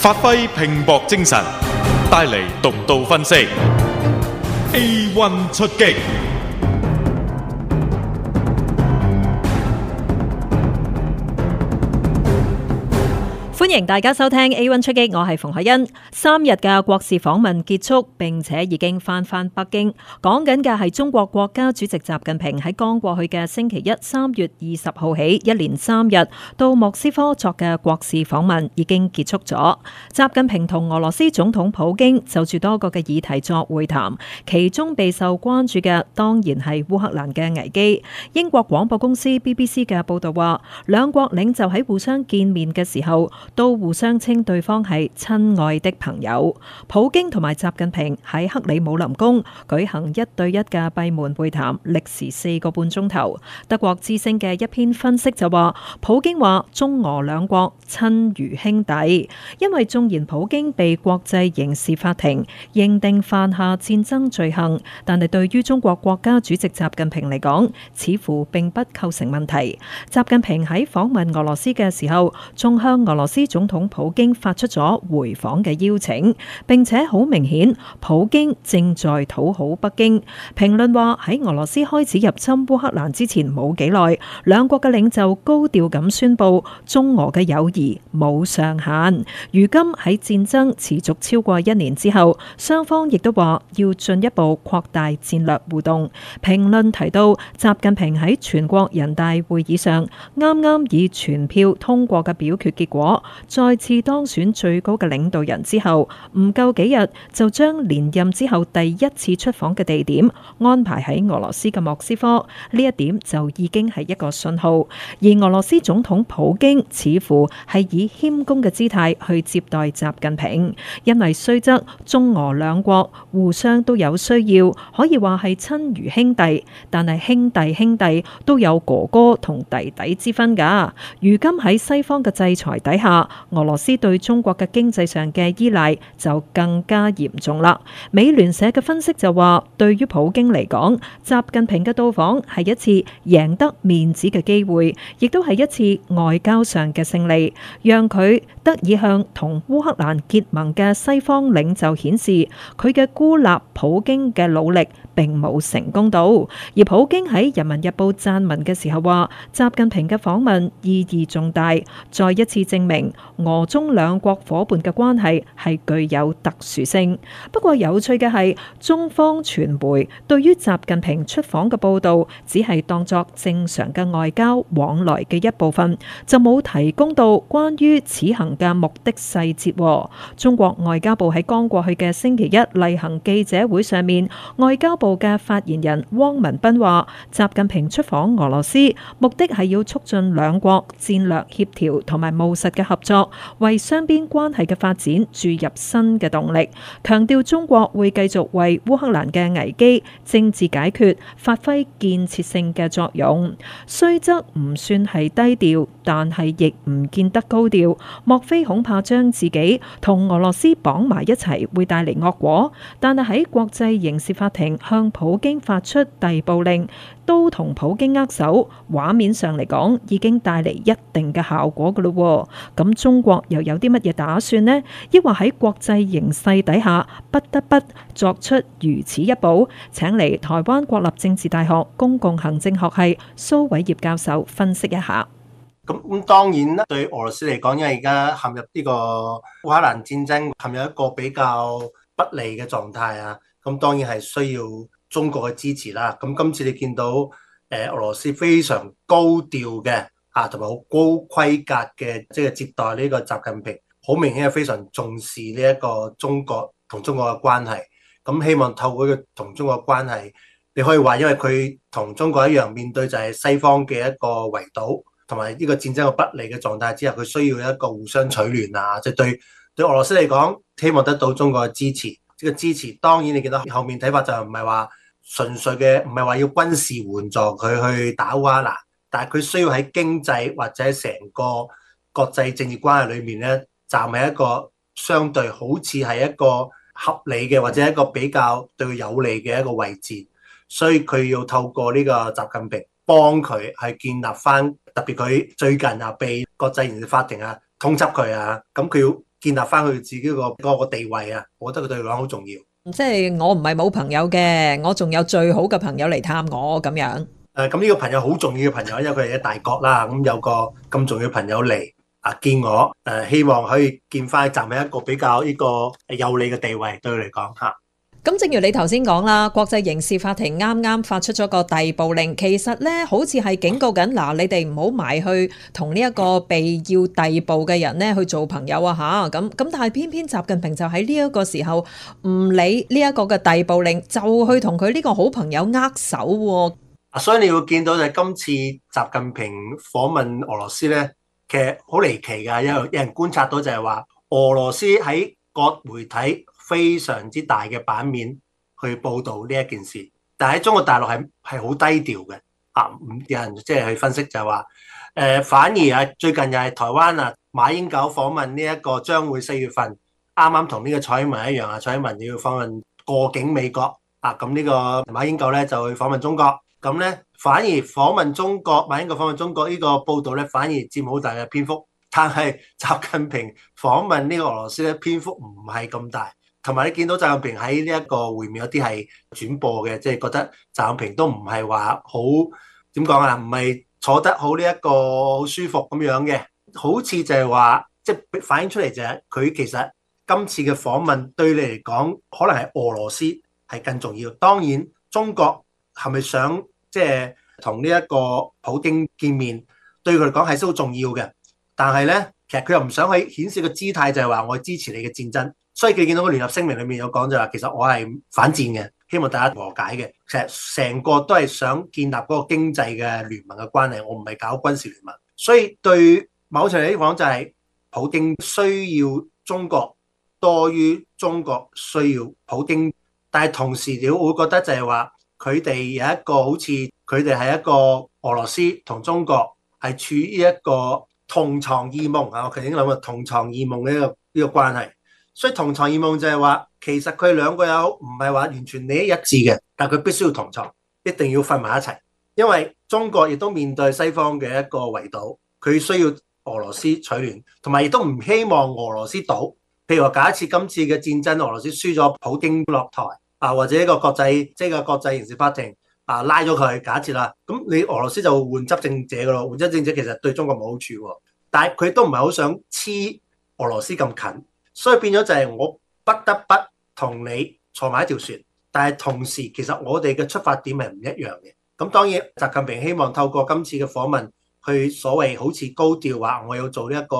發揮拼搏精神，帶嚟獨到分析。A one 出擊。歡迎大家收聽 AOne 出擊，我係馮海恩。三日嘅國事訪問結束，並且已經翻返北京。講緊嘅係中國國家主席習近平喺剛過去嘅星期一，三月二十號起一連三日到莫斯科作嘅國事訪問已經結束咗。習近平同俄羅斯總統普京就住多個嘅議題作會談，其中備受關注嘅當然係烏克蘭嘅危機。英國廣播公司 BBC 嘅報道話，兩國領袖喺互相見面嘅時候。都互相稱對方係親愛的朋友。普京同埋習近平喺克里姆林宮舉行一對一嘅閉門會談，歷時四個半鐘頭。德國之聲嘅一篇分析就話，普京話中俄兩國親如兄弟，因為縱然普京被國際刑事法庭認定犯下戰爭罪行，但係對於中國國家主席習近平嚟講，似乎並不構成問題。習近平喺訪問俄羅斯嘅時候，仲向俄羅斯。總統普京發出咗回訪嘅邀請，並且好明顯普京正在討好北京。評論話，喺俄羅斯開始入侵烏克蘭之前冇幾耐，兩國嘅領袖高調咁宣布中俄嘅友誼冇上限。如今喺戰爭持續超過一年之後，雙方亦都話要進一步擴大戰略互動。評論提到，習近平喺全國人大會議上啱啱以全票通過嘅表決結果。再次當選最高嘅領導人之後唔夠幾日就將連任之後第一次出訪嘅地點安排喺俄羅斯嘅莫斯科，呢一點就已經係一個信號，而俄羅斯總統普京似乎係以謙恭嘅姿態去接待習近平，因為雖則中俄兩國互相都有需要，可以話係親如兄弟，但係兄弟兄弟都有哥哥同弟弟之分噶。如今喺西方嘅制裁底下。俄羅斯對中國嘅經濟上嘅依賴就更加嚴重啦。美聯社嘅分析就話，對於普京嚟講，習近平嘅到訪係一次贏得面子嘅機會，亦都係一次外交上嘅勝利，讓佢得以向同烏克蘭結盟嘅西方領袖顯示，佢嘅孤立普京嘅努力並冇成功到。而普京喺人民日報撰文嘅時候話，習近平嘅訪問意義重大，再一次證明。俄中兩國夥伴嘅關係係具有特殊性。不過有趣嘅係，中方傳媒對於習近平出訪嘅報道，只係當作正常嘅外交往來嘅一部分，就冇提供到關於此行嘅目的細節。中國外交部喺剛過去嘅星期一例行記者會上面，外交部嘅發言人汪文斌話，習近平出訪俄羅斯，目的係要促進兩國戰略協調同埋務實嘅合作為雙邊關係嘅發展注入新嘅動力，強調中國會繼續為烏克蘭嘅危機政治解決發揮建設性嘅作用，雖則唔算係低調。但係亦唔見得高調，莫非恐怕將自己同俄羅斯綁埋一齊會帶嚟惡果？但係喺國際刑事法庭向普京發出逮捕令，都同普京握手，畫面上嚟講已經帶嚟一定嘅效果㗎喇。咁、嗯、中國又有啲乜嘢打算呢？抑或喺國際形勢底下不得不作出如此一步？請嚟台灣國立政治大學公共行政學係蘇偉業教授分析一下。咁咁當然啦，對俄羅斯嚟講，因為而家陷入呢個烏克蘭戰爭，陷入一個比較不利嘅狀態啊。咁當然係需要中國嘅支持啦。咁今次你見到誒俄羅斯非常高調嘅啊，同埋好高規格嘅，即係接待呢個習近平，好明顯係非常重視呢一個中國同中國嘅關係。咁希望透過佢同中國嘅關係，你可以話，因為佢同中國一樣面對就係西方嘅一個圍堵。同埋呢個戰爭嘅不利嘅狀態之下，佢需要一個互相取暖啊！即係對對俄羅斯嚟講，希望得到中國嘅支持。呢個支持當然你見到後面睇法就唔係話純粹嘅，唔係話要軍事援助佢去打烏克蘭，但係佢需要喺經濟或者成個國際政治關係裏面咧，站喺一個相對好似係一個合理嘅或者一個比較對佢有利嘅一個位置，所以佢要透過呢個習近平幫佢去建立翻。特別佢最近啊，被國際刑事法庭啊通緝佢啊，咁佢要建立翻佢自己個嗰個地位啊，我覺得佢對佢嚟講好重要。即係我唔係冇朋友嘅，我仲有最好嘅朋友嚟探我咁樣。誒、呃、咁、這、呢個朋友好重要嘅朋友，因為佢係一大國啦，咁、嗯、有個咁重要嘅朋友嚟啊見我，誒、呃、希望可以建翻站喺一個比較呢個有利嘅地位對佢嚟講嚇。咁正如你頭先講啦，國際刑事法庭啱啱發出咗個逮捕令，其實咧好似係警告緊，嗱、嗯、你哋唔好埋去同呢一個被要逮捕嘅人咧去做朋友啊吓，咁咁但係偏偏習近平就喺呢一個時候唔理呢一個嘅逮捕令，就去同佢呢個好朋友握手。啊，所以你會見到就係今次習近平訪問俄羅斯咧，其實好離奇噶，有有人觀察到就係話俄羅斯喺各媒體。非常之大嘅版面去報導呢一件事，但喺中國大陸係係好低調嘅，啊，有人即係去分析就係話，誒、呃，反而啊最近又係台灣啊馬英九訪問呢一個將會四月份，啱啱同呢個蔡英文一樣啊，蔡英文要訪問過境美國，啊，咁呢個馬英九咧就去訪問中國，咁咧反而訪問中國，馬英九訪問中國呢個報導咧反而佔好大嘅篇幅，但係習近平訪問呢個俄羅斯咧篇幅唔係咁大。同埋你見到習近平喺呢一個會面有啲係轉播嘅，即係覺得習近平都唔係話好點講啊，唔係坐得好呢一個好舒服咁樣嘅，好似就係話即係反映出嚟就係佢其實今次嘅訪問對你嚟講，可能係俄羅斯係更重要。當然中國係咪想即係同呢一個普京見面，對佢嚟講係好重要嘅，但係咧其實佢又唔想去顯示個姿態，就係話我支持你嘅戰爭。所以佢見到個聯合聲明裏面有講就係話，其實我係反戰嘅，希望大家和解嘅。其實成個都係想建立嗰個經濟嘅聯盟嘅關係，我唔係搞軍事聯盟。所以對某程度嚟講，就係普京需要中國多於中國需要普京。但係同時，我會覺得就係話佢哋有一個好似佢哋係一個俄羅斯同中國係處於一個同床異夢啊，我頭先諗啊，同床異夢嘅呢個呢個關係。所以同床異夢就係話，其實佢兩個又好唔係話完全利益一致嘅，但係佢必須要同床，一定要瞓埋一齊。因為中國亦都面對西方嘅一個圍堵，佢需要俄羅斯取暖，同埋亦都唔希望俄羅斯倒。譬如話假設今次嘅戰爭，俄羅斯輸咗，普京落台啊，或者一個國際即係個國際刑事法庭啊拉咗佢假設啦，咁你俄羅斯就會換執政者噶咯，換執政者其實對中國冇好處喎，但係佢都唔係好想黐俄羅斯咁近。所以變咗就係我不得不同你坐埋一條船，但係同時其實我哋嘅出發點係唔一樣嘅。咁當然，習近平希望透過今次嘅訪問，去所謂好似高調話我要做呢一個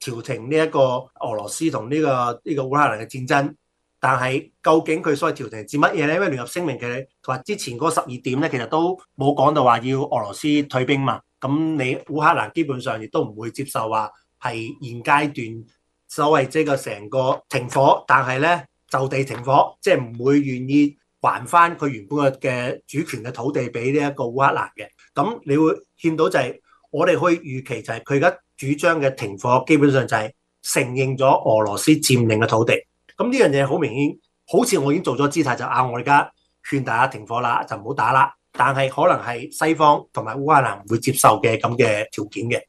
調停呢一個俄羅斯同呢個呢個烏克蘭嘅戰爭。但係究竟佢所謂調停係指乜嘢咧？因為聯合聲明嘅同埋之前嗰十二點咧，其實都冇講到話要俄羅斯退兵嘛。咁你烏克蘭基本上亦都唔會接受話係現階段。所謂即係個成個停火，但係咧就地停火，即係唔會願意還翻佢原本嘅嘅主權嘅土地俾呢一個烏克蘭嘅。咁你會見到就係我哋可以預期就係佢而家主張嘅停火，基本上就係承認咗俄羅斯佔領嘅土地。咁呢樣嘢好明顯，好似我已經做咗姿態，就嗌啊，我而家勸大家停火啦，就唔好打啦。但係可能係西方同埋烏克蘭唔會接受嘅咁嘅條件嘅。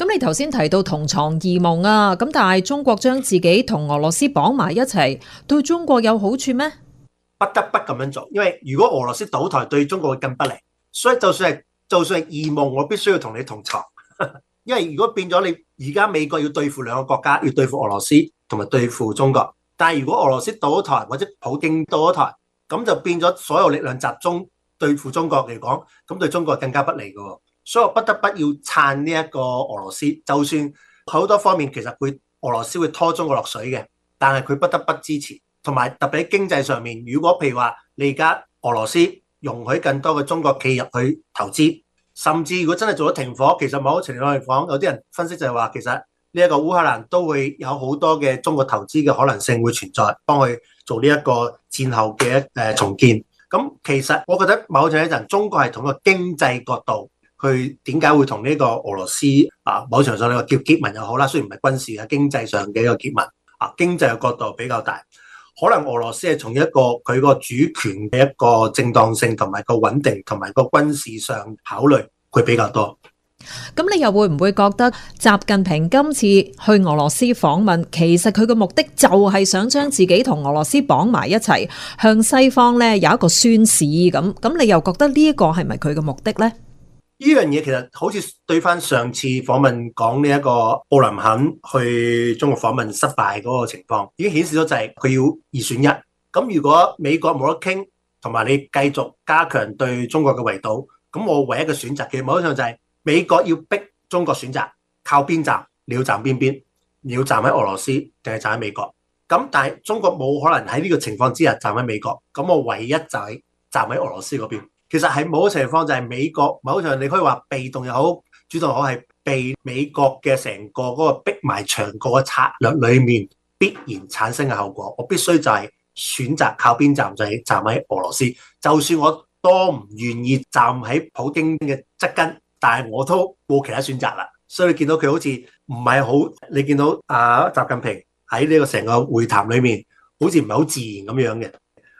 咁你頭先提到同床異夢啊，咁但係中國將自己同俄羅斯綁埋一齊，對中國有好處咩？不得不咁樣做，因為如果俄羅斯倒台，對中國會更不利。所以就算係就算係異夢，我必須要同你同床， 因為如果變咗你而家美國要對付兩個國家，要對付俄羅斯同埋對付中國，但係如果俄羅斯倒台或者普京倒咗台，咁就變咗所有力量集中對付中國嚟講，咁對中國更加不利噶。所以我不得不要撐呢一個俄羅斯，就算好多方面其實佢俄羅斯會拖中國落水嘅，但係佢不得不支持。同埋特別喺經濟上面，如果譬如話你而家俄羅斯容許更多嘅中國企業去投資，甚至如果真係做咗停火，其實某程度嚟講，有啲人分析就係話，其實呢一個烏克蘭都會有好多嘅中國投資嘅可能性會存在，幫佢做呢一個戰後嘅誒重建。咁其實我覺得某程度，中國係同一個經濟角度。佢點解會同呢個俄羅斯啊？某程度上，呢個結結盟又好啦，雖然唔係軍事嘅經濟上嘅一個結盟啊，經濟嘅角度比較大。可能俄羅斯係從一個佢個主權嘅一個正當性同埋個穩定同埋個軍事上考慮，佢比較多。咁你又會唔會覺得習近平今次去俄羅斯訪問，其實佢嘅目的就係想將自己同俄羅斯綁埋一齊，向西方咧，有一個宣示咁？咁你又覺得呢一個係咪佢嘅目的呢？呢樣嘢其實好似對翻上次訪問講呢一個布林肯去中國訪問失敗嗰個情況，已經顯示咗就係佢要二選一。咁如果美國冇得傾，同埋你繼續加強對中國嘅圍堵，咁我唯一嘅選擇嘅，某一種就係美國要逼中國選擇靠邊站，你要站邊邊，你要站喺俄羅斯定係站喺美國。咁但係中國冇可能喺呢個情況之下站喺美國，咁我唯一就係站喺俄羅斯嗰邊。其實係某一情況就係美國某一你可以話被動又好，主動好係被美國嘅成個嗰個逼埋牆角嘅策略裏面必然產生嘅後果，我必須就係選擇靠邊站，就係、是、站喺俄羅斯。就算我多唔願意站喺普京嘅側根，但係我都冇其他選擇啦。所以你見到佢好似唔係好，你見到啊習近平喺呢個成個會談裏面，好似唔係好自然咁樣嘅。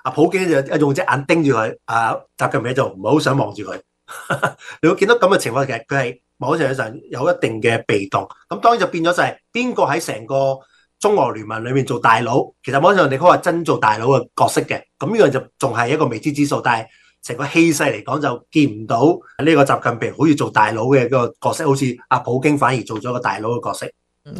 啊，普京就用隻眼盯住佢，啊，習近平就唔係好想望住佢。 你會見到咁嘅情況，其實佢係某程度上有一定嘅被動。咁當然就變咗就係邊個喺成個中俄聯盟裏面做大佬？其實網上你可以話真做大佬嘅角色嘅。咁呢個就仲係一個未知之數。但係成個氣勢嚟講，就見唔到呢個習近平好似做大佬嘅嗰個角色，好似阿普京反而做咗個大佬嘅角色。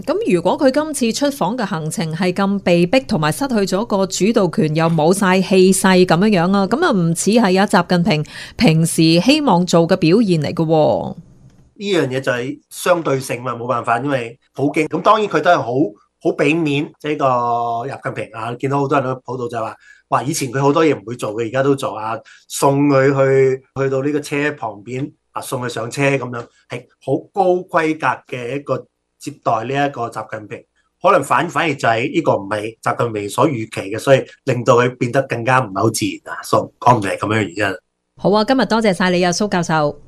咁如果佢今次出訪嘅行程係咁被逼，同埋失去咗個主導權，又冇晒氣勢咁樣樣啊？咁啊唔似，係有習近平平時希望做嘅表現嚟嘅。呢樣嘢就係相對性嘛，冇辦法，因為普京。咁當然佢都係好好俾面即個習近平啊。見到好多人都報道就話，哇，以前佢好多嘢唔會做嘅，而家都做啊。送佢去去到呢個車旁邊啊，送佢上車咁樣，係好高規格嘅一個。接待呢一個習近平，可能反反而就係呢個唔係習近平所預期嘅，所以令到佢變得更加唔係好自然啊。講唔係咁樣嘅原因。好啊，今日多謝晒你啊，蘇教授。